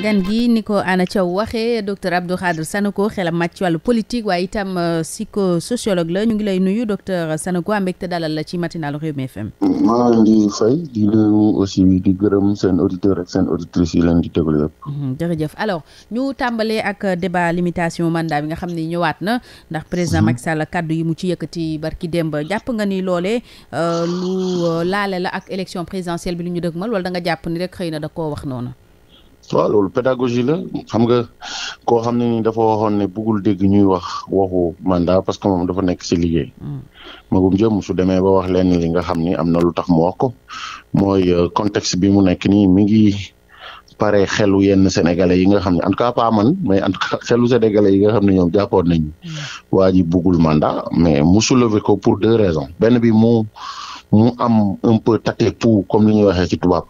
gan gi ni ko Anna Thiaw waxee docteur Abdou Khadre Sanoko xelam màcc ci wàllu politique waaye itam euh, psychosociologue la ñu ngi lay nuyu docteur Sanoko am mbégte dalal la ci matinalu Rewmi FM. maa ngi di fay di nuyu aussi di gërëm seen auditeur ak seen auditrice yi leen di déglu yëpp. Mm-hmm, jërëjëf alors ñu tàmbalee ak euh, débat limitation mandat bi nga xam ne ñëwaat na ndax président mm-hmm. Macky Sall kaddu yi mu ci yëkkati barki démb jàpp nga ni loolee euh, lu laale la ak élection présidentielle bi lu ñu dëgmal wala da nga jàpp ni rek xëy na da koo wax noonu. waaw loolu pédagogie la xam nga koo xam ne ni dafa waxoon ne bëggul dégg ñuy wax waxu manda parce que moom dafa nekk si liggéey. Hmm. magum jëm su demee ba wax len li nga xam ni am na lu tax mu wax ko mooy euh, contexte bi mu nekk nii mi ngi pare xelu yenn sénégalais yi nga xam ne en tout cas man mais en tout cas xelu sénégalais yi nga xam ne ñoom jàppoon nañu. Hmm. waa ji manda mais mu soulever ko pour deux raisons benn bi mu am un peu tâté pour comme li ñuy waxee ci tubaab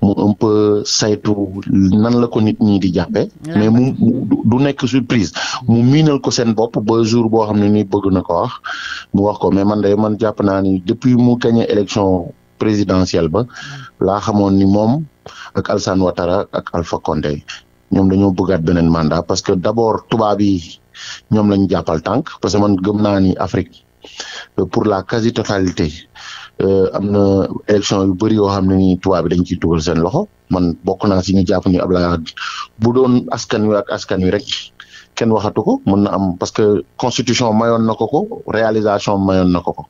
mu un peu saytu nan la ko nit ñi di jàppee. mais mu du nekk surprise. mu miinal ko seen bopp ba jour boo xam ne nii bëgg na ko wax mu wax ko mais man de man jàpp naa ni depuis mu gagné élection présidentielle ba mm. laa xamoon ni moom ak Alassane Ouattara ak Alpha Condé ñoom dañoo bëggaat beneen mandat parce que d'abord tubaab yi ñoom lañu jàppal tànk parce que man gëm naa ni Afrique pour la quasi totalité. Euh, am na élection yu bëri yoo xam ne nii tubaab dañ ciy seen loxo man bokk naa si ñu jàpp ni Abdoulaye Wade bu doon askan wi ak askan wi rek kenn waxatu ko mën na am parce que constitution mayoon na ko ko réalisation mayoon na ko ko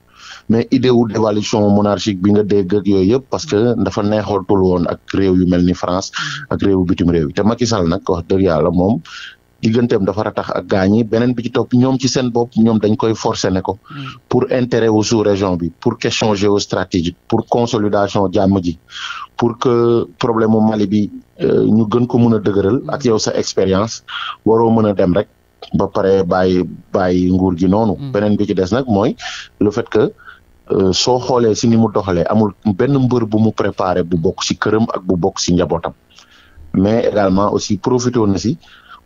mais idée wu dévaluation monarchique bi nga dégg ak yooyu yëpp parce que dafa neexatul woon ak réew yu mel ni France ak réewu bitim réew yi te Macky Sall nag wax dëgg yàlla moom digganteem dafa ratax ak gaañ yi beneen bi ci topp ñoom ci seen bopp ñoom dañ koy forcer ne ko. Hmm. pour intérêt wu sous région bi pour question géostratégique pour consolidation jàmm ji pour que problème mu Mali bi euh, ñu gën ko mën a dëgëral hmm. ak yow sa expérience waroo mën a dem rek ba pare bàyyi bàyyi nguur ji noonu. Hmm. beneen bi ci des nag mooy le fait que. Euh, soo xoolee si ni mu doxalee amul benn mbër bu mu préparer bu bokk si këram ak bu bokk si njabootam mais également aussi profité na si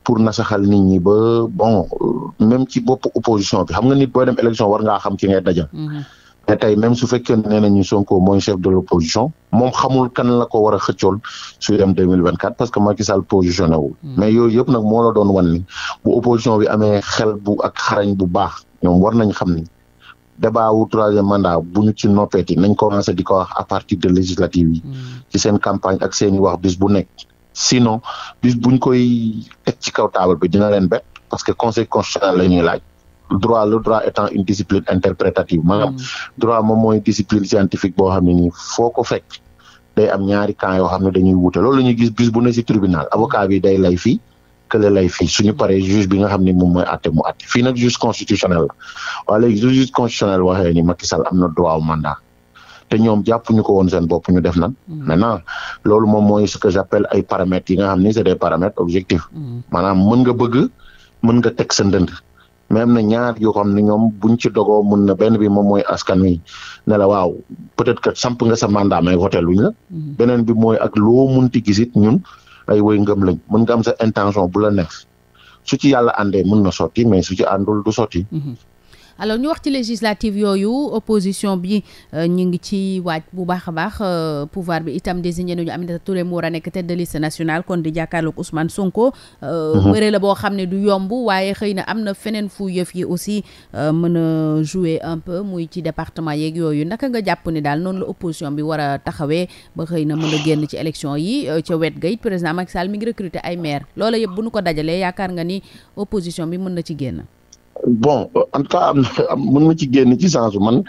pour nasaxal nit ñi ba bon euh, même ci bopp opposition bi xam nga nit booy dem élection war ngaa xam ki ngay dajal. Mm-hmm. mais tey même su fekkee ne nañu Sonko mooy chef de l' opposition moom xamul kan la ko war a xëccool suy dem deux mille vingt quatre parce que Macky Sall positionné wul. Mm-hmm. mais yooyu yëpp nag moo la doon wan ni bu opposition bi amee xel bu ak xarañ bu baax ñoom war nañ xam ni débat wu troisième a bu ñu ci noppeeti nañ commencé di ko wax à partir de législative yi. Mm-hmm. ci seen ak seen i wax bu nekk. sinon bis buñ koy teg ci kaw taabal bi dina leen bett parce que conseil constitutionnel la ñuy laaj droit le droit étant une discipline interprétative maanaam hmm. droit moom mooy discipline scientifique boo xam ne nii foo ko fekk day am ñaari camp yoo xam ne dañuy wute loolu la ñuy gis bis bu ne ci tribunal avocat bi day lay fi kële lay fii suñu paree juge bi nga xam ne moom mooy àtte mu àtte fii nag juge constitutionnel wala waaye léegi juge constitutionnel waxee ni Macky am na droit au te ñoom jàppuñu ko woon seen bopp ñu def nan mm-hmm. maintenant loolu moom mooy ce que j'appelle ay paramètres yi nga xam ni c'est des paramètres objectifs mm-hmm. maanaam mën nga bëgg mën nga teg sa ndënd même na ñaar yoo xam ne ñoom buñ ci dogoo mun na benn bi moom mooy askan wi ne la waaw peut-être que samp nga sa mandat mais mm-hmm. beneen bi mooy ak loo munti gisit ñun ay woy ngëm lañ mën nga am sa intention bu la neex su ci yàlla àndee mun na sotti mais su ci àndul du sotti alors ñu wax ci législative yooyu opposition bi euh, ñu ngi ci waaj bu baax a baax euh, pouvoir bi itam désigné nañu Aminata Touré mu war a nekk tête de liste nationale kon di jàkkaarloog Ousmane Sonko. bëre euh, mhm. la boo xam ne du yomb waaye xëy na am na feneen fu yëf yi aussi mën a jouer un peu muy ci département yeeg yooyu naka nga jàpp ni daal noonu la opposition bi war taxawee ba xëy na mën génn ci élection yi ca wet ga it président Macky Sall mi ngi recruter ay maire loola yëpp bu nu ko dajalee yaakaar nga ni opposition bi mën na ci génn. bon euh, en tout am mën na ci génn ci sensu man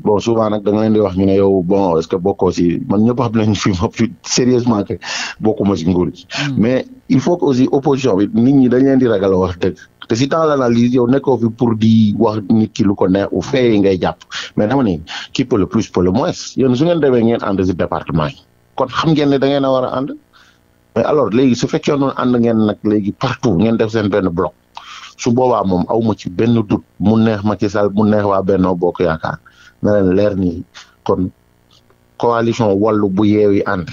bon souvent nag da nga wax ñu ne yow bon est-ce que bokkoo si man ñëpp xam nañ fi ma fi sérieusement que bokkuma si nguur hmm. mais il faut que aussi opposition bi nit ñi dañ leen di ragal wax dëgg te si temps l'analyse yow nekkoo fi pour di wax nit ki lu ko neex u fee yi ngay jàpp mais dama ne qui peut le plus peut le moins yéen su ngeen demee ngeen ànd si département yi kon xam ngeen ne da ngeen a war a ànd mais alors léegi su fekkee noonu ànd ngeen nag léegi partout ngeen def seen benn bloc su boobaa moom aw ma ci benn dut mu neex ma Macky Sall mu neex waa Benno Bokk Yaakaar na leen leer ni kon coalition wàllu bu yeewi ànd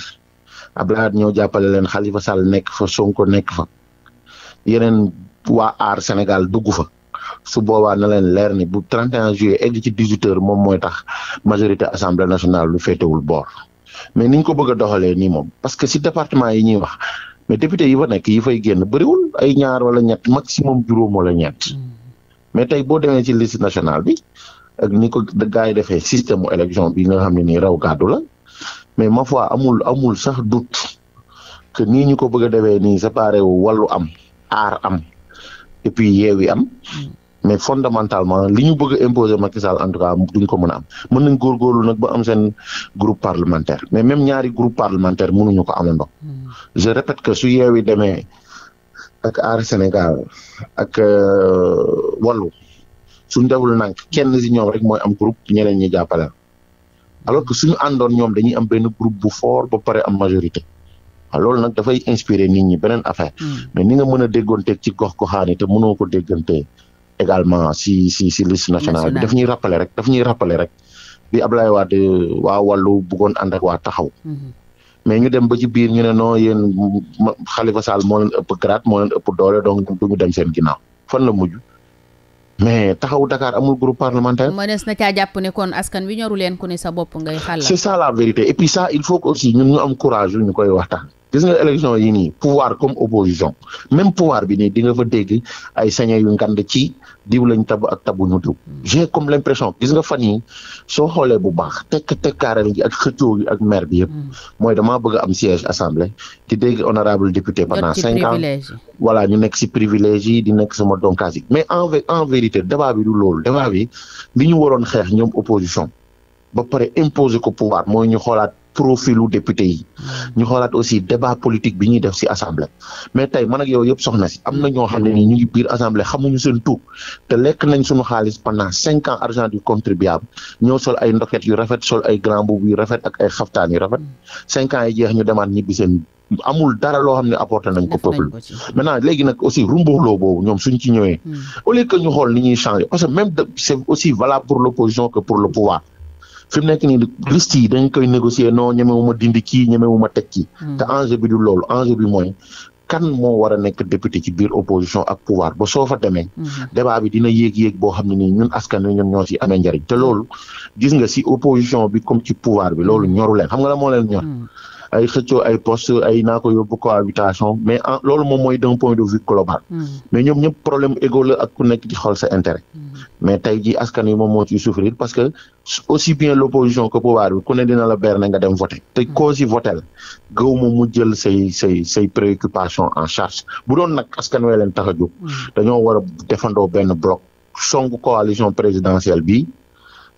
Abdoulaye ñoo jàppale leen Khalifa Sall nekk fa Sonko nekk fa yeneen waa aar Sénégal dugg fa su boobaa na leen leer ni bu 31 juillet egg ci 18 moom mooy tax majorité assemblée nationale lu féetewul boor mais niñ ko bëgg a doxalee nii moom parce que si département yi ñuy wax mais député yi fa nekk yi fay génn bëriwul ay ñaar wala ñett maximum juróom wala ñett mm. mais tey boo demee ci liste national bi ak ni ko gars yi defee système mu élection bi nga xam ne nii raw gàddu la mais ma foi amul amul sax doute que nii ñu ko bëgg a defee nii séparé wu wàllu am aar am et puis am mm. mais fondamentalement li ñu bëgg a imposer Macky Sall en tout cas duñ ko mën a am mën nañ góorgóorlu nag ba am seen groupe parlementaire mais même ñaari groupe parlementaire mënuñu ko amandoo. Hmm. je répète que su yeewi demee ak aar Sénégal ak euh, wàllu suñ deful nànk kenn si ñoom rek mooy am groupe ñeneen ñi jàppale alors que suñu àndoon ñoom dañuy am benn groupe bu fort ba pare am majorité waaw loolu nag dafay inspiré nit ñi beneen affaire hmm. mais ni nga mën a teg ci gox goxaan yi te mënoo ko déggantee également si si si liste nationale bi daf ñuy rappeler rek daf ñuy rappeler rek bi Abdoulaye Wade waa wàllu bëggoon ànd ak waa taxaw mhm. mais ñu dem ba ci biir ñu ne non yéen Khalifa Sall moo leen ëpp grade moo ëpp doole donc du ñu dem seen ginnaaw fan la mujj mais taxawu Dakar amul groupe parlementaire. mënees na caa jàpp ne kon askan wi ñoru leen ku ne sa bopp ngay xaal c'est ça la vérité et puis ça il faut que aussi ñun ñu am courage ñu koy waxtaan. gis nga élection yi nii pouvoir comme opposition même pouvoir bi nii di nga fa dégg ay saña yu ngand ci diw lañ tabu ak tabu ñu diw hmm. j'ai comme l'impression gis nga fan yi soo xoolee bu baax tekk tekkaareel gi ak xëccoo gi ak maire bi yëpp hmm. mooy damaa bëgg am siège assemblée di dégg honorable député pendant cinq ans voilà ñu nekk si privilège yi di nekk sama donkaas yi mais en en vérité débat bi du loolu débat bi li ñu waroon xeex ñoom opposition ba pare imposer ko pouvoir mooy ñu xoolaat profilu député yi ñu xoolaat aussi débat politique bi ñuy def ci assemblée mais tey man ak yow soxna si am na ñoo ne ñu ngi assemblée xamuñu seen tur te lekk nañ suñu xaalis pendant cinq ans argent du contribuable ñoo sol ay ndoket yu rafet sol ay grand boubou yu rafet ak ay xaftaan yu rafet cinq ans yi jeex ñu demaat ñibbi seen amul dara loo xam ne apporté nañ ko peuple maintenant léegi nag aussi rumbuxloo boobu ñoom suñ ci ñëwee hmm. au lieu fi mu nekk nii liste yi dañ koy négocier non ñemewu ma dindi kii ñemewu ma teg kii. Hmm. te enjeu bi du loolu enjeu bi mooy kan moo war a nekk député ci biir opposition ak pouvoir ba soofa fa demee. Hmm. débat bi dina yéeg yéeg boo xam ne ni ñun askan wi ñoom ñoo ci amee njariñ te loolu gis nga si opposition bi comme ci pouvoir bi loolu hmm. ñoru xam nga la moo leen ñor. ay xëccoo ay poste ay naa ko yóbbu cohabitation mais en loolu moom mooy d'un point de vue global hmm. mais ñoom ñëpp problème égo la ak ku nekk di sa intérêt hmm. mais tey ji askan yi moom moo ciy souffrir parce que aussi bien l'opposition que pouvoir bi ku ne dina la beer ne nga dem voter te hmm. cause yi voté la gëw ma mu jël say say say préoccupation en charge bu doon nag askan wee leen tax a jóg dañoo war a defando benn bloc song coalition présidentielle bi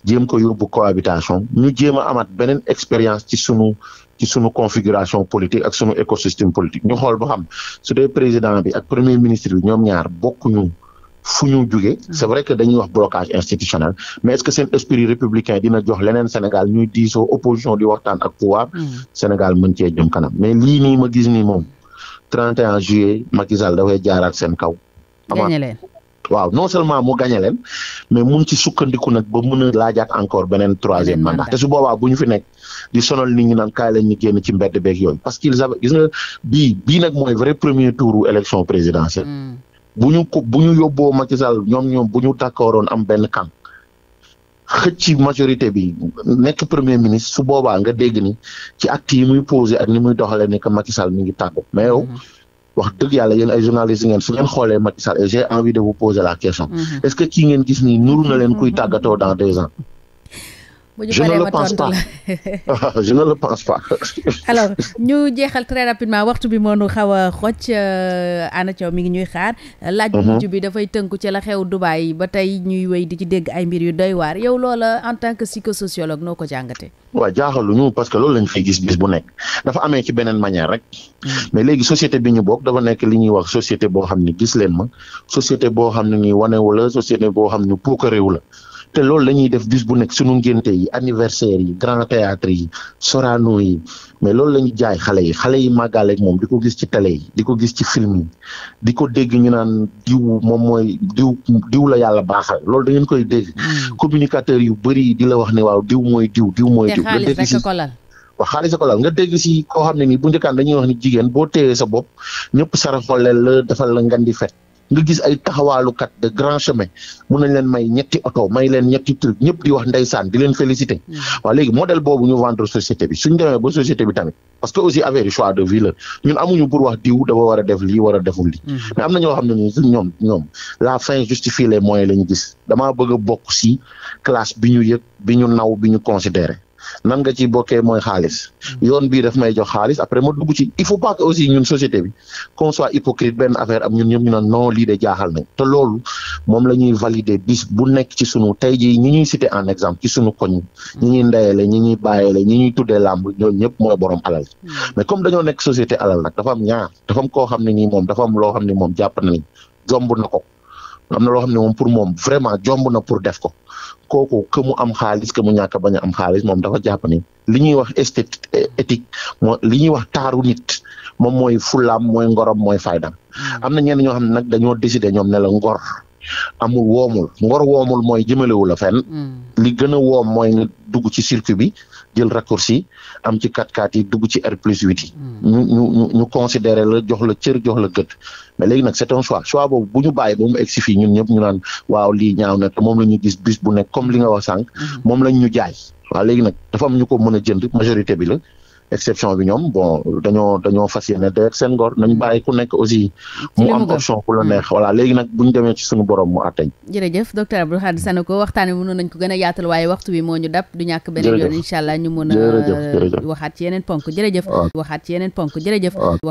jéem ko yóbbu cohabitation ñu jéem amaat beneen expérience ci sunu ci sunu configuration politique ak sunu écosystème politique ñu xool ba xam su dee président bi ak premier ministre bi ñoom ñaar bokk bokkuñu fu ñu jugee hmm. c'est vrai que dañuy wax blocage institutionnel mais est-ce que seen esprit républicain dina jox leneen Sénégal ñuy diisoo opposition di waxtaan ak pouvoir hmm. Sénégal mën cee jëm kanam mais lii nii ma gis nii moom 31 juillet Macky Sall dafay jaaraat seen kaw. amaat waaw non seulement mu gagné leen mais mun ci sukkandiku nag ba mun a laajaat encore beneen troisième mandat te su boobaa bu ñu fi nekk di sonal ni ñi naan kaay lañ ñu génn ci mbedd beeg yooyu parce que ils avaient gis nga bii nag mooy vrai premier tour élection présidentielle. Hmm. bu ñu ko bu ñu yóbboo Macky Sall ñoom ñoom bu ñu d'accordoon am benn camp xëcc majorité bi nekk premier ministre su boobaa nga dégg ni ci acte yi muy posé ak ni muy doxalee ni que Macky Sall mi ngi tàggu mais hmm. wax dëgg yàlla yéen ay journalistes ngeen su ngeen xoolee Macky Sall et j'ai envie de vous poser la question. Mm-hmm. est-ce que kii ngeen gis nii nuru na leen kuy mm-hmm. tàggatoo dans deux ans. Ah, je ne le pense pas je ne le pense pas. alors ñu jeexal très rapidement waxtu bi moo nu xaw a xocc euh, Anna Thiaw mi ngi ñuy xaar. Mhm. laaj bu mujj bi dafay tënku ci la xew Dubaay ba tey ñuy wéy di ci dégg ay mbir yu doy waar yow loola en tant que psychosociologue noo ko jàngatee. waaw jaaxaluñu parce que loolu lañ fay gis bis bu nekk dafa amee ci beneen manière rek mhm. mais léegi société bi ñu bokk dafa nekk li ñuy wax société boo xam ne gis leen ma société boo xam ne nii wanewu la société boo xam ne puukarewu la. te loolu la def bis bu nekk sunu ngénte yi anniversaire yi grand théâtre yi Sorano yi mais loolu la ñu jaay xale yi xale yi màggaleeg moom di ko gis ci télé yi di ko gis ci film yi di ko dégg ñu naan diw moom mooy diw diw la yàlla baaxal loolu da ngeen koy dégg. Hmm. communicateurs yu bëri di la wax ne waaw diw mooy diw diw mooy diw. nga dégg si waaw xaalis ko laal nga dégg si koo xam ne nii bu njëkkaan dañuy wax ni jigéen boo téyee sa bopp ñëpp saraxoleel la defal la ngan di fet nga gis ay taxawaalukat de grand chemin mun nañ leen may ñetti oto may leen ñetti truc ñëpp wax ndeysaan di leen féliciter mm. waaw léegi modèle boobu ñu vendre société bi suñ demee ba société bi tamit parce que aussi affaire choix de vie ñun amuñu pour wax diw dafa war a def lii war a deful lii mm. mais am xam ne ñoom la fin justifie les moyens la gis damaa bëgg a si classe bi ñu yëg bi ñu naw bi ñu considéré nan nga ciy bokkee mooy xaalis yoon bii daf may jox xaalis après ma dugg ci il faut pas que aussi ñun société bi qu'on soit hypocrite benn affaire am ñun ñëpp ñu naan non lii de jaaxal nañ te loolu moom la ñuy bis bu nekk ci sunu tey jii ñi ñuy cité en exemple ci sunu koñ ñi ñuy ndeyale ñi ñuy bàyyale ñi ñuy tuddee làmb ñooñu ñëpp mooy borom alal hmm. mais comme dañoo nekk société alal na dafa am ñaar dafa am koo xam ne nii moom dafa am loo xam ne moom jàpp nañ jomb na ko am na loo xam ne moom pour moom vraiment jomb na pour def ko kooku que mu am xaalis que mu ñàkk bañ a am xaalis moom dafa jàpp ni ñuy wax esthétique éthique moo li ñuy wax taaru nit moom mooy fulaam mooy ngorom mooy faydam hmm. am na ñenn ñoo xam ne nag dañoo décider ñoom ne la ngor amul woomul ngor woomul mooy jëmalewu fen hmm. li gën a woom mooy nga dugg ci circuit bi jël raccourci am ci 4x4 dugg ci R plus 8 yi hmm. ñu ñu ñu ñu la jox la cër jox la gëdd mais léegi nag c'est un choix choix boobu bu ñu bàyyi moom mu egsi fii ñun ñëpp ñu naan waaw li ñaaw na te moom la ñu gis bis bu nekk comme li nga wax sànq hmm. moom lañ ñu jaay waaw léegi nag dafa am ñu ko mën a jënd majorité bi la exception bi ñoom bon dañoo dañoo fas yéene ngor nañ bàyyi ku nekk aussi mu am ku la mm. neex voilà nag buñ demee ci suñu borom mu àtteñ jërëjëf docteur Abdoukhadre Sanoko waxtaan wi mënoon nañ ko gën a yaatal waaye waxtu bi moo dab du ñàkk beneen yoon incha ñu mën a waxaat yeneen ponk jërëjëf waxaat yeneen ponk jërëjëf